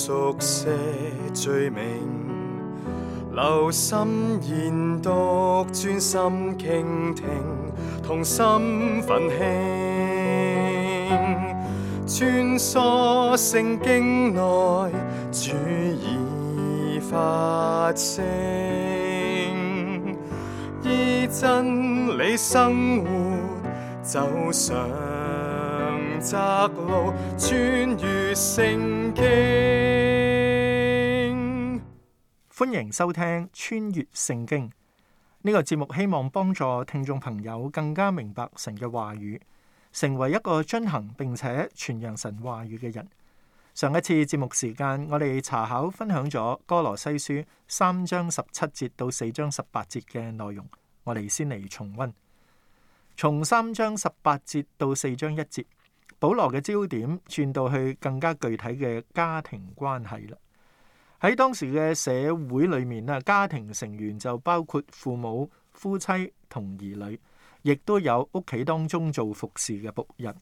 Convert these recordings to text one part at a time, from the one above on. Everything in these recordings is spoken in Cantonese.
熟悉罪名，留心研讀，專心傾聽，同心奮興。穿梭聖經內，主已發聲，依真理生活，走上路穿越，歡迎收聽《穿越聖經》呢、這個節目，希望幫助聽眾朋友更加明白神嘅話語，成為一個遵行並且傳揚神話語嘅人。上一次節目時間，我哋查考分享咗《哥羅西書》三章十七節到四章十八節嘅內容，我哋先嚟重溫，從三章十八節到四章一節。保羅嘅焦點轉到去更加具體嘅家庭關係啦。喺當時嘅社會裏面咧，家庭成員就包括父母、夫妻同兒女，亦都有屋企當中做服侍嘅僕人。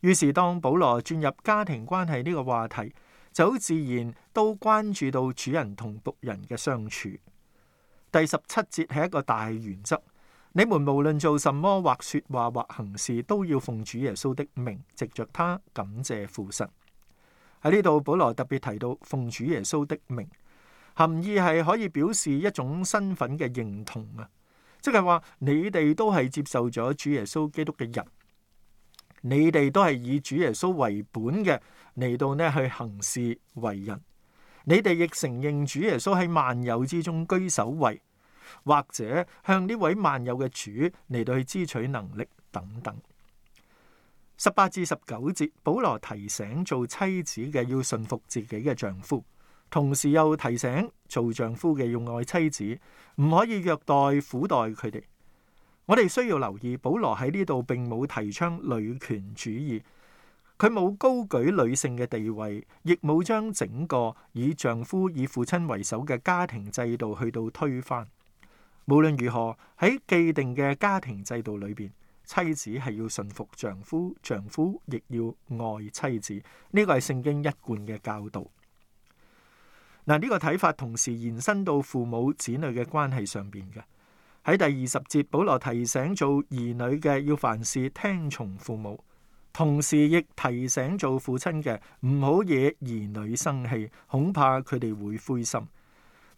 於是當保羅轉入家庭關係呢個話題，就好自然都關注到主人同僕人嘅相處。第十七節係一個大原則。你們無論做什麼或說話或行事，都要奉主耶穌的名，藉着他感謝父神。喺呢度，保羅特別提到奉主耶穌的名，含義係可以表示一種身份嘅認同啊，即係話你哋都係接受咗主耶穌基督嘅人，你哋都係以主耶穌為本嘅，嚟到呢去行事為人，你哋亦承認主耶穌喺萬有之中居首位。或者向呢位萬有嘅主嚟到去支取能力等等。十八至十九節，保羅提醒做妻子嘅要順服自己嘅丈夫，同時又提醒做丈夫嘅要愛妻子，唔可以虐待、苦待佢哋。我哋需要留意，保羅喺呢度並冇提倡女權主義，佢冇高舉女性嘅地位，亦冇將整個以丈夫以父親為首嘅家庭制度去到推翻。無論如何，喺既定嘅家庭制度裏邊，妻子係要順服丈夫，丈夫亦要愛妻子。呢、呢個係聖經一貫嘅教導。嗱，呢個睇法同時延伸到父母子女嘅關係上邊嘅。喺第二十節，保羅提醒做兒女嘅要凡事聽從父母，同時亦提醒做父親嘅唔好惹兒女生氣，恐怕佢哋會灰心。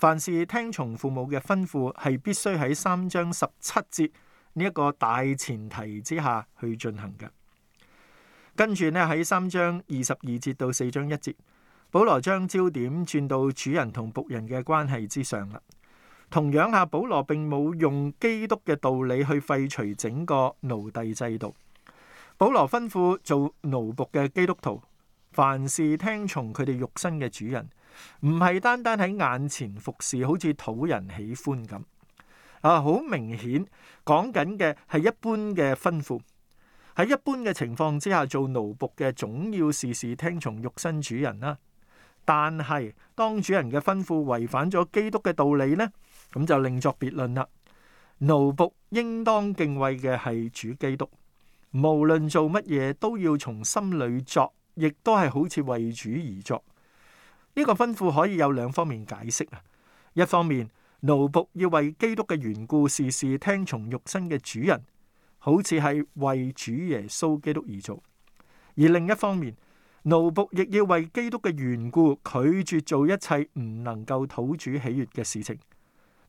凡事聽從父母嘅吩咐，係必須喺三章十七節呢一個大前提之下去進行嘅。跟住呢，喺三章二十二節到四章一節，保羅將焦點轉到主人同僕人嘅關係之上啦。同樣下，保羅並冇用基督嘅道理去廢除整個奴隸制度。保羅吩咐做奴僕嘅基督徒，凡事聽從佢哋肉身嘅主人。唔係單單喺眼前服侍，好似討人喜歡咁。啊，好明顯講緊嘅係一般嘅吩咐。喺一般嘅情況之下，做奴僕嘅總要事事聽從肉身主人啦。但係當主人嘅吩咐違反咗基督嘅道理呢，咁就另作別論啦。奴僕應當敬畏嘅係主基督，無論做乜嘢都要從心裏作，亦都係好似為主而作。呢個吩咐可以有兩方面解釋啊。一方面，奴僕要為基督嘅緣故事事聽從肉身嘅主人，好似係為主耶穌基督而做；而另一方面，奴僕亦要為基督嘅緣故拒絕做一切唔能夠討主喜悅嘅事情。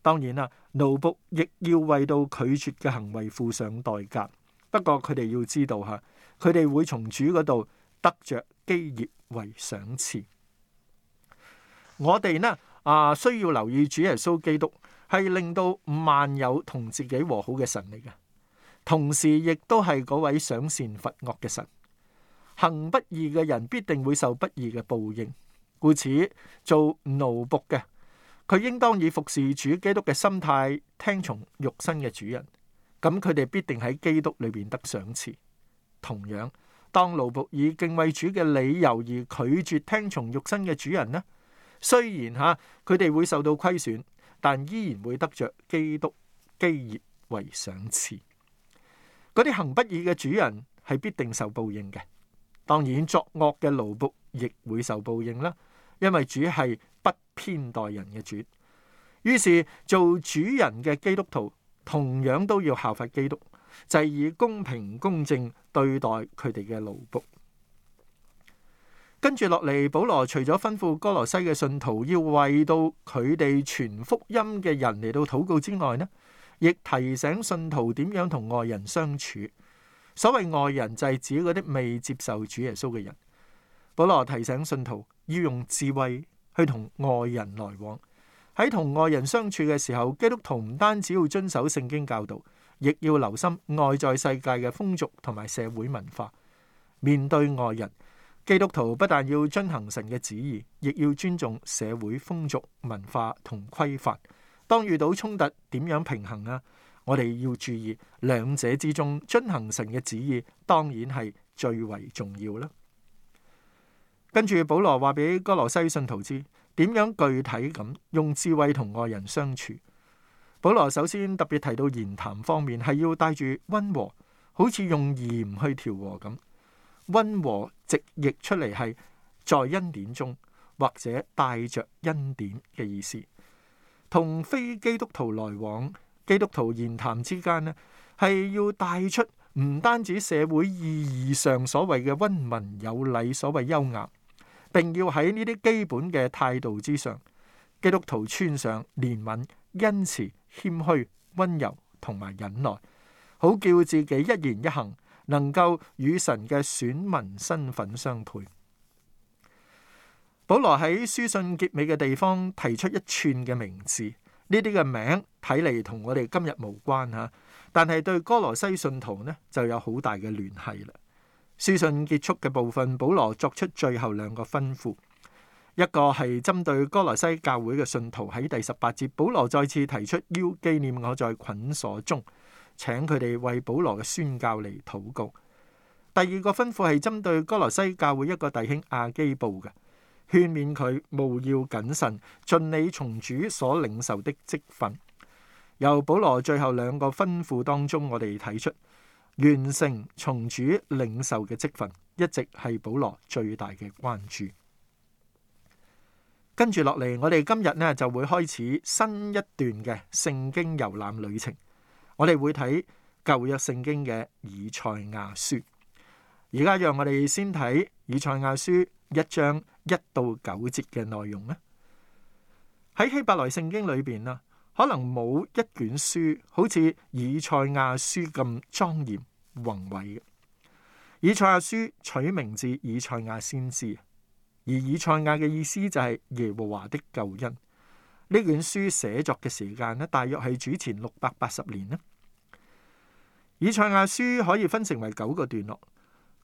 當然啦，奴僕亦要為到拒絕嘅行為付上代價。不過佢哋要知道吓，佢哋會從主嗰度得着基業為賞賜。我哋呢啊需要留意主耶穌基督係令到萬有同自己和好嘅神嚟嘅，同時亦都係嗰位賞善罰惡嘅神。行不義嘅人必定會受不義嘅報應，故此做奴僕嘅佢應當以服侍主基督嘅心態聽從肉身嘅主人，咁佢哋必定喺基督裏邊得賞賜。同樣，當奴僕以敬畏主嘅理由而拒絕聽從肉身嘅主人呢？雖然吓佢哋會受到虧損，但依然會得着基督基業為賞賜。嗰啲行不義嘅主人係必定受報應嘅。當然作惡嘅奴僕亦會受報應啦，因為主係不偏待人嘅主。於是做主人嘅基督徒同樣都要效法基督，就係以公平公正對待佢哋嘅奴僕。跟住落嚟，保羅除咗吩咐哥羅西嘅信徒要為到佢哋傳福音嘅人嚟到禱告之外，呢，亦提醒信徒點樣同外人相處。所謂外人就係指嗰啲未接受主耶穌嘅人。保羅提醒信徒要用智慧去同外人來往。喺同外人相處嘅時候，基督徒唔單止要遵守聖經教導，亦要留心外在世界嘅風俗同埋社會文化，面對外人。基督徒不但要遵行神嘅旨意，亦要尊重社會風俗文化同規範。當遇到衝突，點樣平衡啊？我哋要注意兩者之中，遵行神嘅旨意當然係最為重要啦。跟住保羅話俾哥羅西信徒知，點樣具體咁用智慧同外人相處？保羅首先特別提到言談方面，係要帶住溫和，好似用鹽去調和咁。溫和直譯出嚟係在恩典中，或者帶着恩典嘅意思。同非基督徒來往，基督徒言談之間呢，係要帶出唔單止社會意義上所謂嘅溫文有禮，所謂優雅，並要喺呢啲基本嘅態度之上，基督徒穿上憐憫、恩慈、謙虛、溫柔同埋忍耐，好叫自己一言一行。能夠與神嘅選民身份相配。保羅喺書信結尾嘅地方提出一串嘅名字，呢啲嘅名睇嚟，同我哋今日無關吓，但係對哥羅西信徒呢就有好大嘅聯繫啦。書信結束嘅部分，保羅作出最後兩個吩咐，一個係針對哥羅西教會嘅信徒，喺第十八節，保羅再次提出要紀念我在捆鎖中。請佢哋為保羅嘅宣教嚟禱告。第二個吩咐係針對哥羅西教會一個弟兄亞基布嘅，勸勉佢務要謹慎，盡你從主所領受的職分。由保羅最後兩個吩咐當中，我哋睇出完成從主領受嘅職分，一直係保羅最大嘅關注。跟住落嚟，我哋今日呢就會開始新一段嘅聖經遊覽旅程。我哋會睇舊約聖經嘅以賽亞書，而家讓我哋先睇以賽亞書一章一到九節嘅內容咧。喺希伯來聖經裏邊啦，可能冇一卷書好似以賽亞書咁莊嚴宏偉嘅。以賽亞書取名字以賽亞先知，而以賽亞嘅意思就係耶和華的救恩。呢卷書寫作嘅時間咧，大約係主前六百八十年咧。以賽亞書可以分成為九個段落。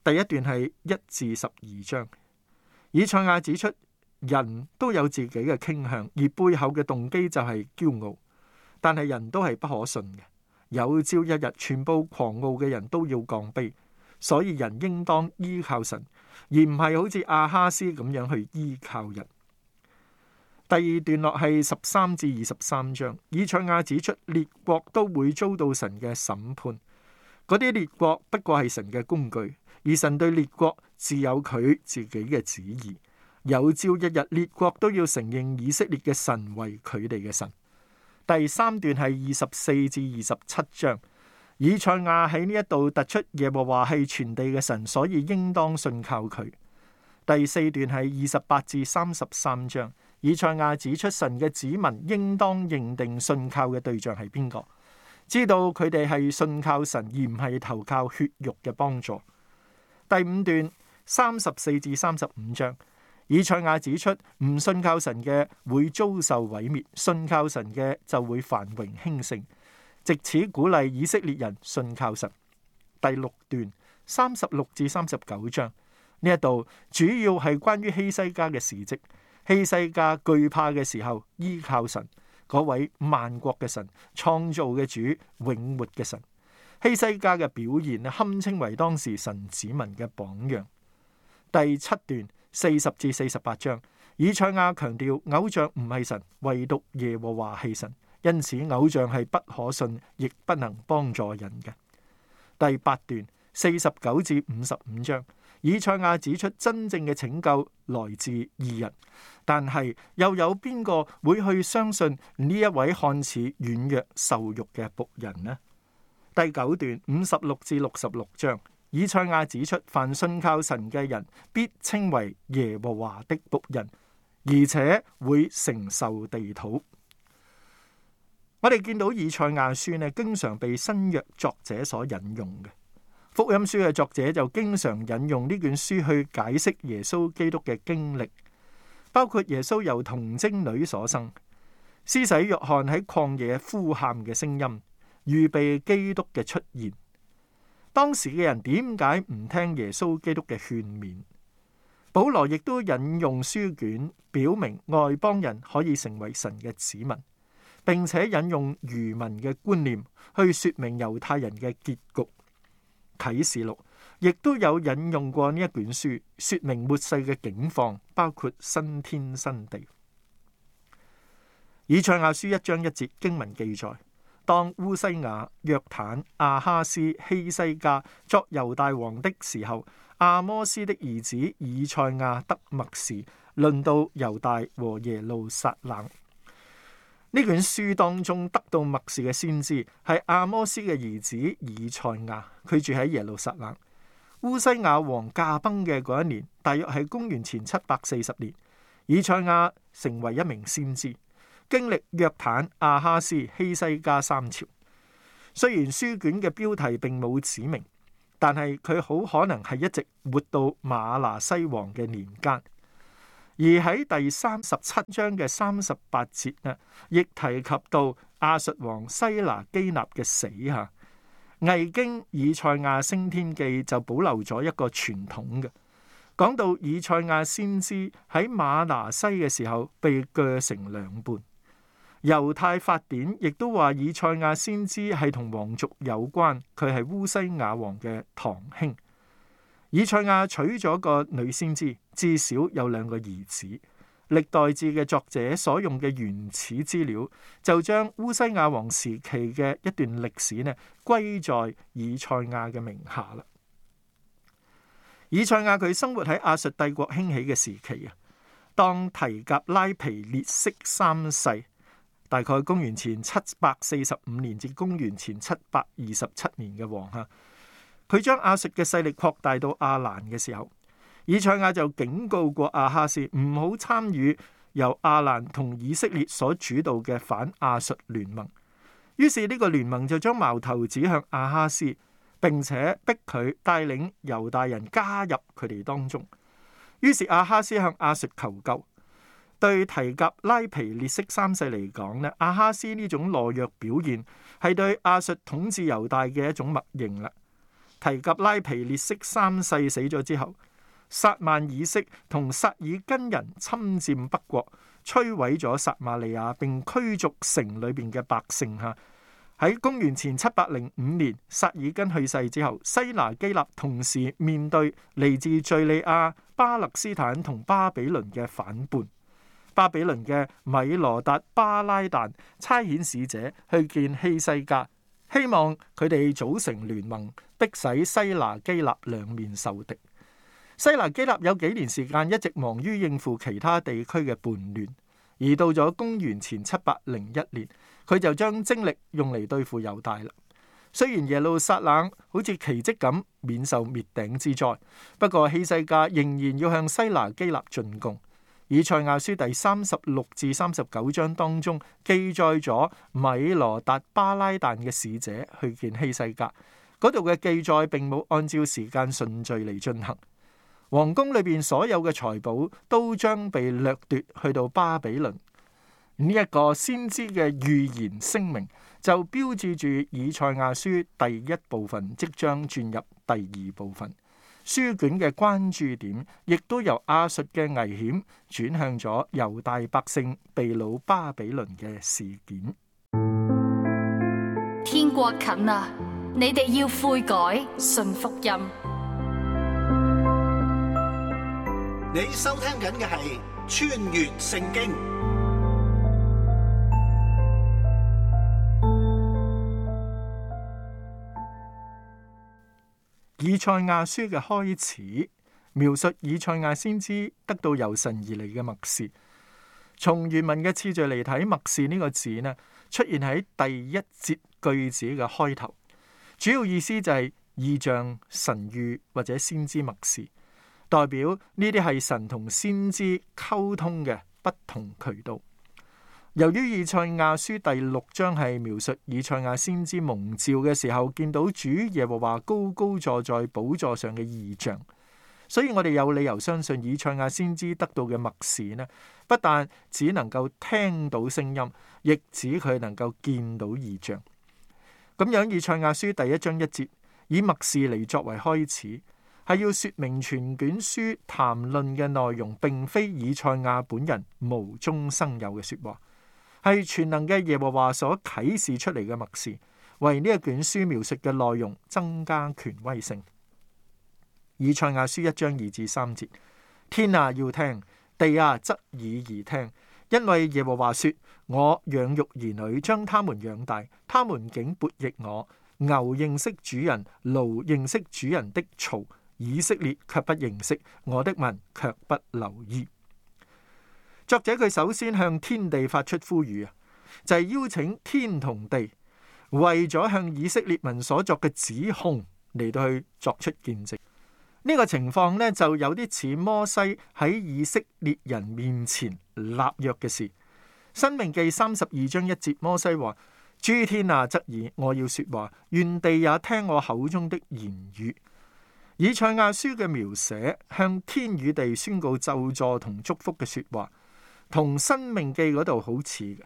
第一段係一至十二章，以賽亞指出人都有自己嘅傾向，而背後嘅動機就係驕傲。但係人都係不可信嘅，有朝一日全部狂傲嘅人都要降卑，所以人應當依靠神，而唔係好似阿哈斯咁樣去依靠人。第二段落係十三至二十三章，以賽亞指出列國都會遭到神嘅審判。嗰啲列國不過係神嘅工具，而神對列國自有佢自己嘅旨意。有朝一日列國都要承認以色列嘅神為佢哋嘅神。第三段係二十四至二十七章，以賽亞喺呢一度突出耶和華係全地嘅神，所以應當信靠佢。第四段係二十八至三十三章，以賽亞指出神嘅子民應當認定信靠嘅對象係邊個。知道佢哋係信靠神而唔係投靠血肉嘅幫助。第五段三十四至三十五章，以賽亞指出唔信靠神嘅會遭受毀滅，信靠神嘅就會繁榮興盛，藉此鼓勵以色列人信靠神。第六段三十六至三十九章呢一度主要係關於希西家嘅事迹，希西家懼怕嘅時候依靠神。嗰位萬國嘅神，創造嘅主，永活嘅神，希西家嘅表現堪稱為當時神子民嘅榜樣。第七段四十至四十八章，以賽亞強調偶像唔係神，唯獨耶和華係神，因此偶像係不可信，亦不能幫助人嘅。第八段四十九至五十五章。以賽亞指出，真正嘅拯救來自義人，但係又有邊個會去相信呢一位看似軟弱受辱嘅僕人呢？第九段五十六至六十六章，以賽亞指出，凡信靠神嘅人必稱為耶和華的僕人，而且會承受地土。我哋見到以賽亞書呢，經常被新約作者所引用嘅。福音書嘅作者就經常引用呢卷書去解釋耶穌基督嘅經歷，包括耶穌由童貞女所生，施洗約翰喺曠野呼喊嘅聲音，預備基督嘅出現。當時嘅人點解唔聽耶穌基督嘅勸勉？保羅亦都引用書卷，表明外邦人可以成為神嘅子民，並且引用餘民嘅觀念去說明猶太人嘅結局。啟示錄亦都有引用過呢一卷書，說明末世嘅境況，包括新天新地。以賽亞書一章一節經文記載：當烏西亞、約坦、阿哈斯、希西家作猶大王的時候，阿摩斯的兒子以賽亞得默示，論到猶大和耶路撒冷。呢卷書當中得到默示嘅先知係阿摩斯嘅兒子以賽亞，佢住喺耶路撒冷。烏西亞王駕崩嘅嗰一年，大約係公元前七百四十年，以賽亞成為一名先知，經歷約坦、亞哈斯、希西家三朝。雖然書卷嘅標題並冇指明，但係佢好可能係一直活到馬拿西王嘅年間。而喺第三十七章嘅三十八節咧，亦提及到亞述王西拿基納嘅死嚇。《偽經以賽亞升天記》就保留咗一個傳統嘅，講到以賽亞先知喺馬拿西嘅時候被割成兩半。猶太法典亦都話以賽亞先知係同皇族有關，佢係烏西亞王嘅堂兄。以賽亞娶咗個女先知。至少有兩個兒子。歷代志嘅作者所用嘅原始資料，就將烏西亞王時期嘅一段歷史呢，歸在以賽亞嘅名下啦。以賽亞佢生活喺亞述帝國興起嘅時期啊，當提格拉皮列色三世，大概公元前七百四十五年至公元前七百二十七年嘅王啊，佢將亞述嘅勢力擴大到亞蘭嘅時候。以賽亞就警告過阿哈斯唔好參與由阿蘭同以色列所主導嘅反阿述聯盟。於是呢個聯盟就將矛頭指向阿哈斯，並且逼佢帶領猶大人加入佢哋當中。於是阿哈斯向阿述求救。對提及拉皮列色三世嚟講呢，阿哈斯呢種懦弱表現係對阿述統治猶大嘅一種默認啦。提及拉皮列色三世死咗之後。撒縵以色同薩爾根人侵占北國，摧毀咗撒馬利亞，並驅逐城裏邊嘅百姓。吓喺公元前七百零五年，薩爾根去世之後，西拿基立同時面對嚟自敘利亞、巴勒斯坦同巴比倫嘅反叛。巴比倫嘅米羅達、巴拉旦差遣使者去見希西家，希望佢哋組成聯盟，迫使西拿基立兩面受敵。西拿基立有幾年時間一直忙於應付其他地區嘅叛亂，而到咗公元前七百零一年，佢就將精力用嚟對付猶大啦。雖然耶路撒冷好似奇蹟咁免受滅頂之災，不過希西家仍然要向西拿基立進貢。以賽亞書第三十六至三十九章當中記載咗米羅達巴拉旦嘅使者去見希西家嗰度嘅記載，並冇按照時間順序嚟進行。王宮裏邊所有嘅財寶都將被掠奪去到巴比倫。呢一個先知嘅預言聲明就標誌住以賽亞書第一部分即將轉入第二部分。書卷嘅關注點亦都由亞述嘅危險轉向咗猶大百姓被擄巴比倫嘅事件。天國近啦，你哋要悔改，信福音。你收聽緊嘅係《穿越聖經》。以賽亞書嘅開始描述以賽亞先知得到由神而嚟嘅默示。從原文嘅次序嚟睇，默示呢個字呢，出現喺第一節句子嘅開頭，主要意思就係異象、神諭或者先知默示。代表呢啲係神同先知溝通嘅不同渠道。由於以賽亞書第六章係描述以賽亞先知蒙召嘅時候見到主耶和華高高坐在寶座上嘅異象，所以我哋有理由相信以賽亞先知得到嘅默示呢，不但只能夠聽到聲音，亦指佢能夠見到異象。咁樣以賽亞書第一章一節以默示嚟，作為開始。係要說明全卷書談論嘅內容，並非以賽亞本人無中生有嘅說話，係全能嘅耶和華所啟示出嚟嘅默示，為呢一卷書描述嘅內容增加權威性。以賽亞書一章二至三節：天啊，要聽；地啊，則耳而聽，因為耶和華說：我養育兒女，將他們養大，他們竟悖逆我；牛認識主人，驢認識主人的槽。以色列卻不認識，我的民卻不留意。作者佢首先向天地發出呼籲啊，就係、是、邀請天同地為咗向以色列民所作嘅指控嚟到去作出見證。呢、這個情況呢，就有啲似摩西喺以色列人面前立約嘅事。申命記三十二章一節，摩西話：諸天啊，側耳，我要說話，願地也聽我口中的言語。以賽亞書嘅描寫，向天與地宣告咒詛同祝福嘅說話，同《申命記》嗰度好似嘅，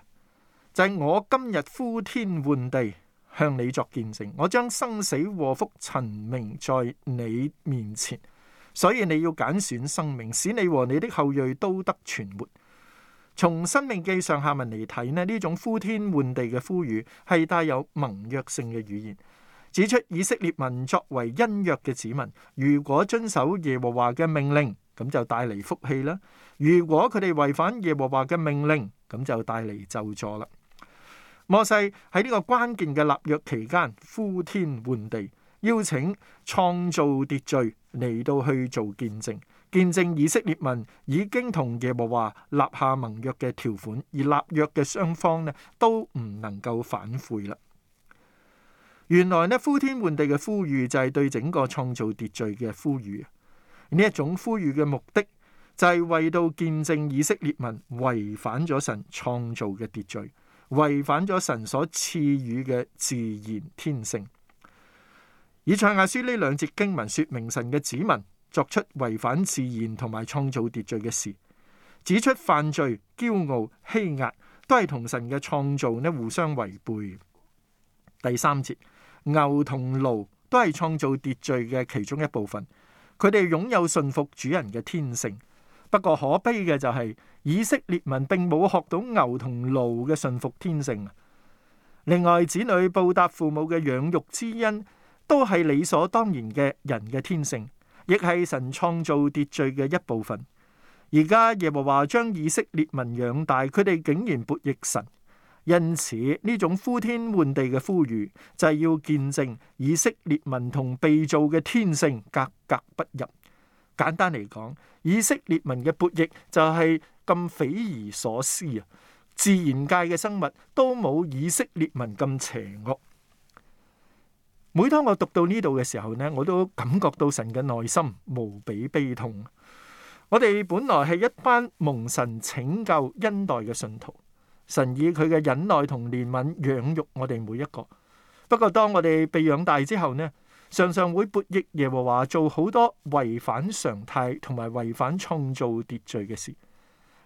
就係、是、我今日呼天喚地，向你作見證，我將生死禍福陳明在你面前，所以你要揀選生命，使你和你的後裔都得存活。從《申命記》上下文嚟睇呢，呢種呼天喚地嘅呼籲係帶有盟約性嘅語言。指出，以色列民作為恩約嘅子民，如果遵守耶和華嘅命令，咁就帶嚟福氣啦；如果佢哋違反耶和華嘅命令，咁就帶嚟咒詛啦。摩西喺呢個關鍵嘅立約期間，呼天喚地，邀請創造秩序嚟到去做見證，見證以色列民已經同耶和華立下盟約嘅條款，而立約嘅雙方呢都唔能夠反悔啦。原來咧，呼天喚地嘅呼籲就係、是、對整個創造秩序嘅呼籲。呢一種呼籲嘅目的就係、是、為到見證以色列民違反咗神創造嘅秩序，違反咗神所賜予嘅自然天性。以賽亞書呢兩節經文說明神嘅子民作出違反自然同埋創造秩序嘅事，指出犯罪、驕傲、欺壓都係同神嘅創造咧互相違背。第三節。牛同驢都係創造秩序嘅其中一部分，佢哋擁有順服主人嘅天性。不過可悲嘅就係以色列民並冇學到牛同驢嘅順服天性。另外，子女報答父母嘅養育之恩都係理所當然嘅人嘅天性，亦係神創造秩序嘅一部分。而家耶和華將以色列民養大，佢哋竟然悖逆神。因此呢種呼天喚地嘅呼籲，就係要見證以色列民同被造嘅天性格格不入。簡單嚟講，以色列民嘅悖逆就係咁匪夷所思啊！自然界嘅生物都冇以色列民咁邪惡。每當我讀到呢度嘅時候呢，我都感覺到神嘅內心無比悲痛。我哋本來係一班蒙神拯救恩待嘅信徒。神以佢嘅忍耐同憐憫養育我哋每一個。不過當我哋被養大之後呢，常常會悖逆耶和華，做好多違反常態同埋違反創造秩序嘅事。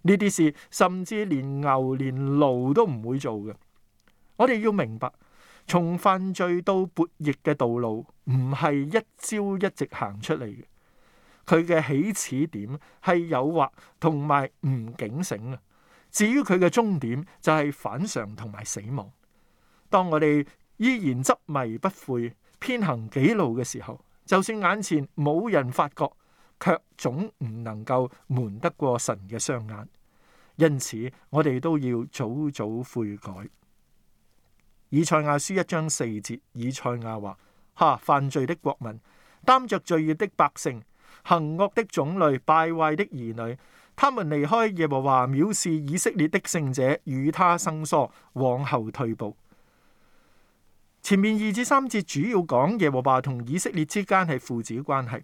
呢啲事甚至連牛連驢都唔會做嘅。我哋要明白，從犯罪到悖逆嘅道路唔係一朝一夕行出嚟嘅。佢嘅起始點係誘惑同埋唔警醒啊！至於佢嘅終點就係、是、反常同埋死亡。當我哋依然執迷不悔、偏行己路嘅時候，就算眼前冇人發覺，卻總唔能夠瞞得過神嘅雙眼。因此，我哋都要早早悔改。以賽亞書一章四節，以賽亞話：哈，犯罪的國民，擔着罪孽的百姓，行惡的種類，敗壞的兒女。他們離開耶和華，藐視以色列的聖者，與他生疏，往後退步。前面二至三節主要講耶和華同以色列之間係父子關係。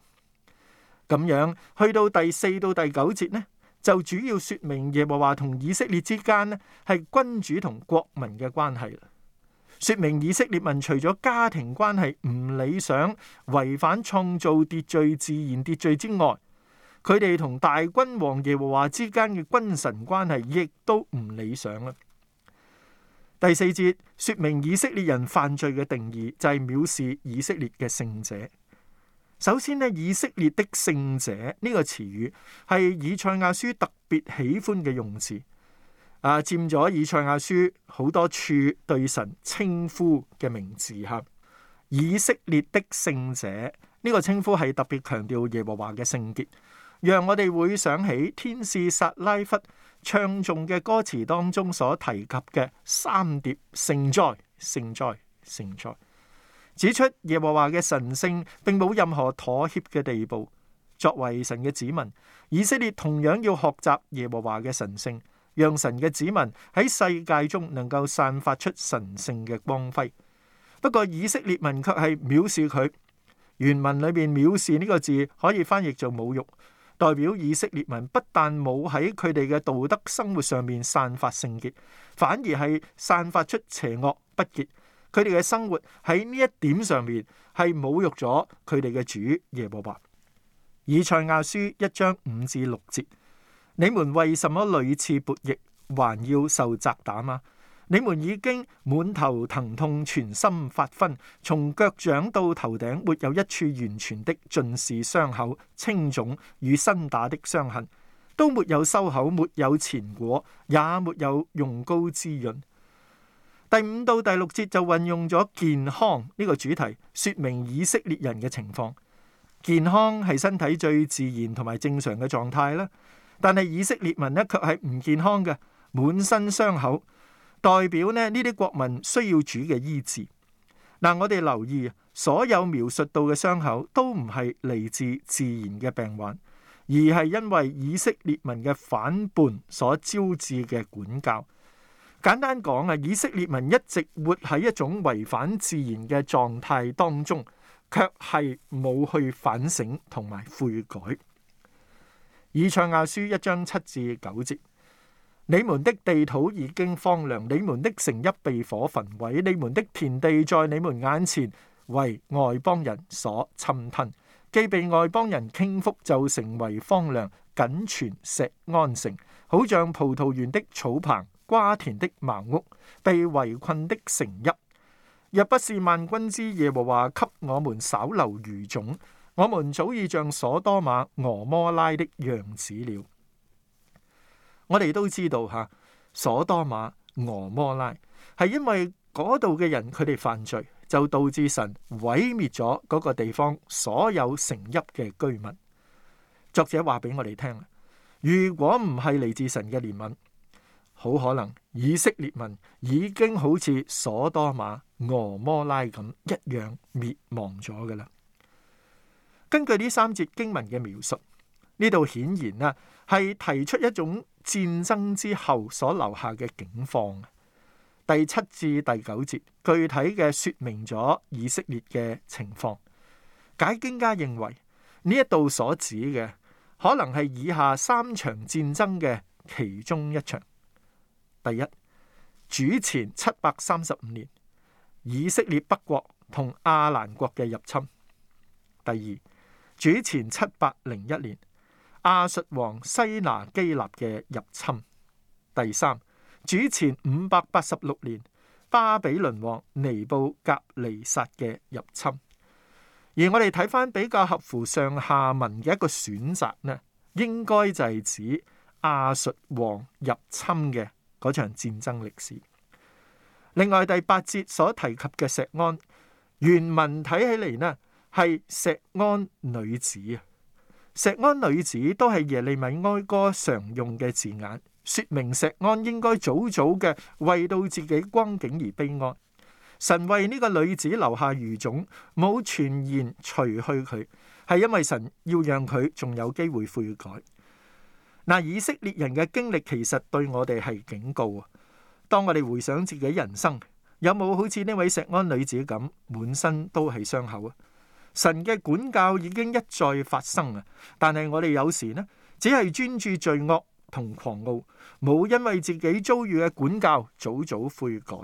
咁樣去到第四到第九節呢，就主要說明耶和華同以色列之間呢係君主同國民嘅關係啦。說明以色列民除咗家庭關係唔理想、違反創造秩序、自然秩序之外。佢哋同大君王耶和華之間嘅君臣關係，亦都唔理想啦。第四節說明以色列人犯罪嘅定義，就係藐視以色列嘅聖者。首先呢，以色列的聖者呢，這個詞語係以賽亞書特別喜歡嘅用詞，啊，佔咗以賽亞書好多處對神稱呼嘅名字吓，啊。以色列的聖者呢，這個稱呼係特別強調耶和華嘅聖潔。讓我哋會想起天使撒拉弗唱頌嘅歌詞當中所提及嘅三疊聖哉聖哉聖哉，哉，哉，指出耶和華嘅神聖，並冇任何妥協嘅地步。作為神嘅子民，以色列同樣要學習耶和華嘅神聖，讓神嘅子民喺世界中能夠散發出神聖嘅光輝。不過，以色列文卻係藐視佢。原文裏面「藐視」呢個字可以翻譯做侮辱。代表以色列民不但冇喺佢哋嘅道德生活上面散發聖潔，反而係散發出邪惡不潔，佢哋嘅生活喺呢一點上面係侮辱咗佢哋嘅主耶和華。以賽亞書一章五至六節：你們為什麼屢次博弈悖逆還要受責打嗎？你們已經滿頭疼痛，全心發昏，從腳掌到頭頂，沒有一處完全的，盡是傷口、青腫與新打的傷痕，都沒有收口，沒有纏裹，也沒有用膏滋潤。第五到第六節就運用咗健康呢個主題，說明以色列人嘅情況。健康係身體最自然同埋正常嘅狀態啦，但係以色列民呢，卻係唔健康嘅，滿身傷口。代表呢？呢啲國民需要主嘅醫治。嗱，我哋留意，所有描述到嘅傷口都唔係嚟自自然嘅病患，而係因為以色列民嘅反叛所招致嘅管教。簡單講啊，以色列民一直活喺一種違反自然嘅狀態當中，卻係冇去反省同埋悔改。以賽亞書一章七至九節。你們的地土已經荒涼，你們的城邑被火焚毀，你們的田地在你們眼前為外邦人所侵吞，既被外邦人傾覆，就成為荒涼，僅存錫安城，好像葡萄園的草棚，瓜田的茅屋，被圍困的城邑。若不是萬軍之耶和華給我們稍留餘種，我們早已像所多瑪、蛾摩拉的樣子了。我哋都知道吓，所多瑪、俄摩拉係因為嗰度嘅人佢哋犯罪，就導致神毀滅咗嗰個地方所有城邑嘅居民。作者話俾我哋聽，如果唔係嚟自神嘅憐憫，好可能以色列民已經好似所多瑪、俄摩拉咁一樣滅亡咗噶啦。根據呢三節經文嘅描述。呢度顯然啦、啊，係提出一種戰爭之後所留下嘅境況。第七至第九節具體嘅説明咗以色列嘅情況。解經家認為呢一度所指嘅可能係以下三場戰爭嘅其中一場：第一，主前七百三十五年，以色列北國同亞蘭國嘅入侵；第二，主前七百零一年。亞述王西拿基立嘅入侵，第三，主前五百八十六年巴比倫王尼布甲尼撒嘅入侵，而我哋睇翻比較合乎上下文嘅一個選擇呢，應該就係指亞述王入侵嘅嗰場戰爭歷史。另外第八節所提及嘅錫安，原文睇起嚟呢係錫安女子啊。錫安女子都係耶利米哀歌常用嘅字眼，說明錫安應該早早嘅為到自己光景而悲哀。神為呢個女子留下餘種，冇全然除去佢，係因為神要讓佢仲有機會悔改。嗱，以色列人嘅經歷其實對我哋係警告啊！當我哋回想自己人生，有冇好似呢位錫安女子咁，滿身都係傷口啊？神嘅管教已經一再發生啊！但係我哋有時呢，只係專注罪惡同狂傲，冇因為自己遭遇嘅管教早早悔改，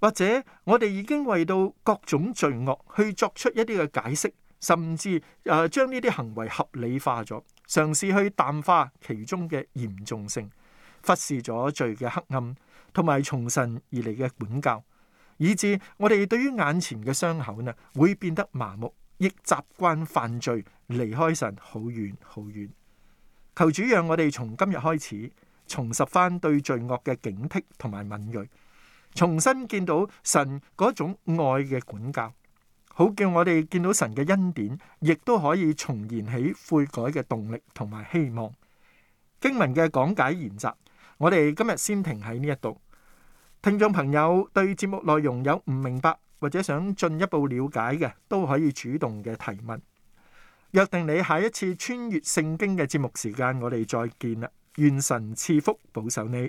或者我哋已經為到各種罪惡去作出一啲嘅解釋，甚至誒將呢啲行為合理化咗，嘗試去淡化其中嘅嚴重性，忽視咗罪嘅黑暗，同埋從神而嚟嘅管教。以致我哋對於眼前嘅傷口呢，會變得麻木，亦習慣犯罪，離開神好遠好遠。求主讓我哋從今日開始，重拾翻對罪惡嘅警惕同埋敏銳，重新見到神嗰種愛嘅管教，好叫我哋見到神嘅恩典，亦都可以重燃起悔改嘅動力同埋希望。經文嘅講解研習，我哋今日先停喺呢一度。聽眾朋友，對節目內容有唔明白或者想進一步了解嘅，都可以主動嘅提問。約定你下一次穿越聖經嘅節目時間，我哋再見啦！願神賜福，保守你。